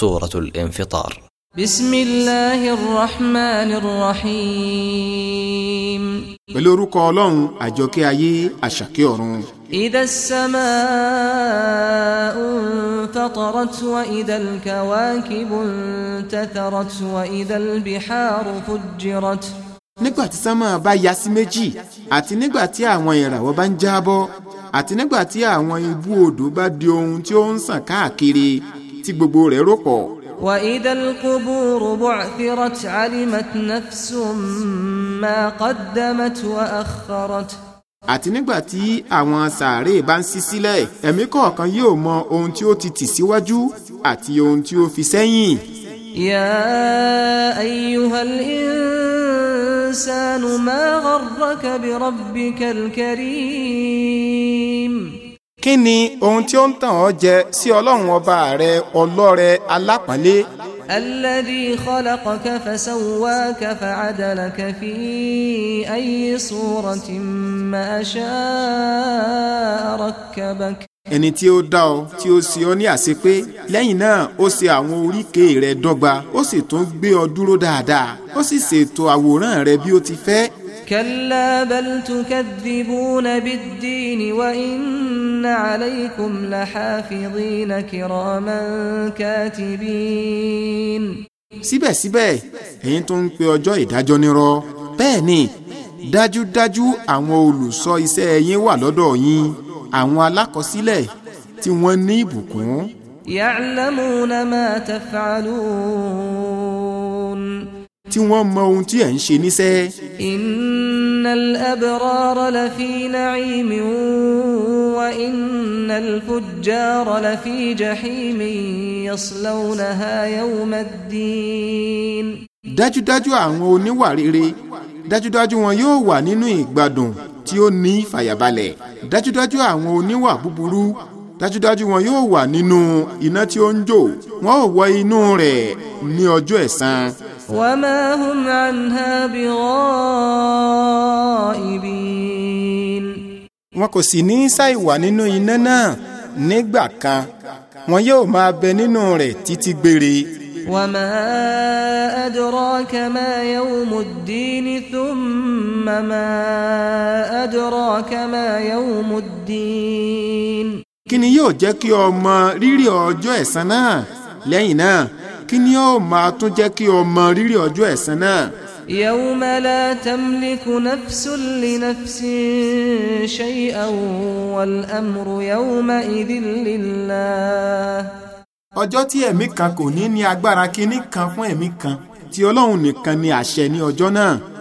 سورة الانفطار بسم الله الرحمن الرحيم pẹ̀lú orúkọ ọlọ́run àjọkẹ́ ayé àṣàkẹ́ ọ̀run. إذا السماء انفطرت وإذا الكواكب انتثرت وإذا البحار فجرت nígbà tí sánmà bá ya sí méjì àti nígbà tí àwọn ìràwọ̀ bá ń jábọ́ àti nígbà tí àwọn ibú odò bá di ohun tí ó ń sàn káàkiri tí gbogbo rẹ̀ rò pọ̀. وإذا القبور بعثرت علمت نفس ما قدمت وأخرت àti nígbà tí àwọn sàárè bá ń ṣí sílẹ̀ ẹ̀mí kọ̀ọ̀kan yóò mọ ohun tí ó ti tì síwájú àti ohun tí ó fi sẹ́yìn. Yà يا أيها الإنسان ما غرك بربك الكريم kí ni ohun tí ó ń tàn ọ́ jẹ sí ọlọ́run ọba rẹ ọlọ́rẹ alápọ̀nlé. الذي خلقك فسواك فعدلك في أي صورة ما شاء ركبك ẹni tí ó dá ọ tí ó sì ọ ní àṣepé lẹ́yìn náà ó ṣe àwọn oríkèé rẹ dọ́gba ó sì tún gbé ọ dúró dáadáa ó sì ṣètò àwòrán rẹ bí ó ti fẹ́ كلا بل تكذبون بالدين وإن عليكم لحافظين كراما كاتبين síbẹ̀síbẹ̀ ẹ̀yin tó ń pe ọjọ́ ìdájọ́ nírọ́ bẹ́ẹ̀ ni dájúdájú àwọn olùsọ iṣẹ́ yín wà lọ́dọ̀ yín àwọn alákọsílẹ̀ tí wọ́n ní ìbùkún. يعلمون ما تفعلون tí wọ́n mọ ohun tí ẹ̀ ń ṣe níṣẹ́. إن إن الأبرار لفي نعيم وإن الفجار لفي جحيم يصلونها يوم الدين dájúdájú àwọn oníwà rere dájúdájú wọn yóò wà nínú ìgbádùn tí ó ní ìfàyàbalẹ̀ dájúdájú àwọn oníwà búburú dájúdájú wọn yóò wà nínú iná tí ó ń jò wọn ò wọ inú rẹ̀ ní ọjọ́ ẹ̀san وما هم عنها بغائبين wọn kò sì ní ṣàìwà nínú iná náà nígbà kan wọn yóò máa bẹ nínú rẹ̀ títí gbére. وما أدراك ما يوم الدين ثم ما أدراك ما يوم الدين. kí ni yóò jẹ́ kí o mọ rírì ọjọ́ ẹ̀san náà lẹ́yìn náà kí ni ó máa tún jẹ́ kí o mọ rírì ọjọ́ ẹ̀san náà. يوم لا تملك نفس لنفس شيئا والأمر يومئذ لله ọjọ́ tí ẹ̀mí kan kò ní ní agbára kínní kan fún ẹ̀mí kan tí Ọlọ́run nìkan ni àṣẹ ní ọjọ́ náà.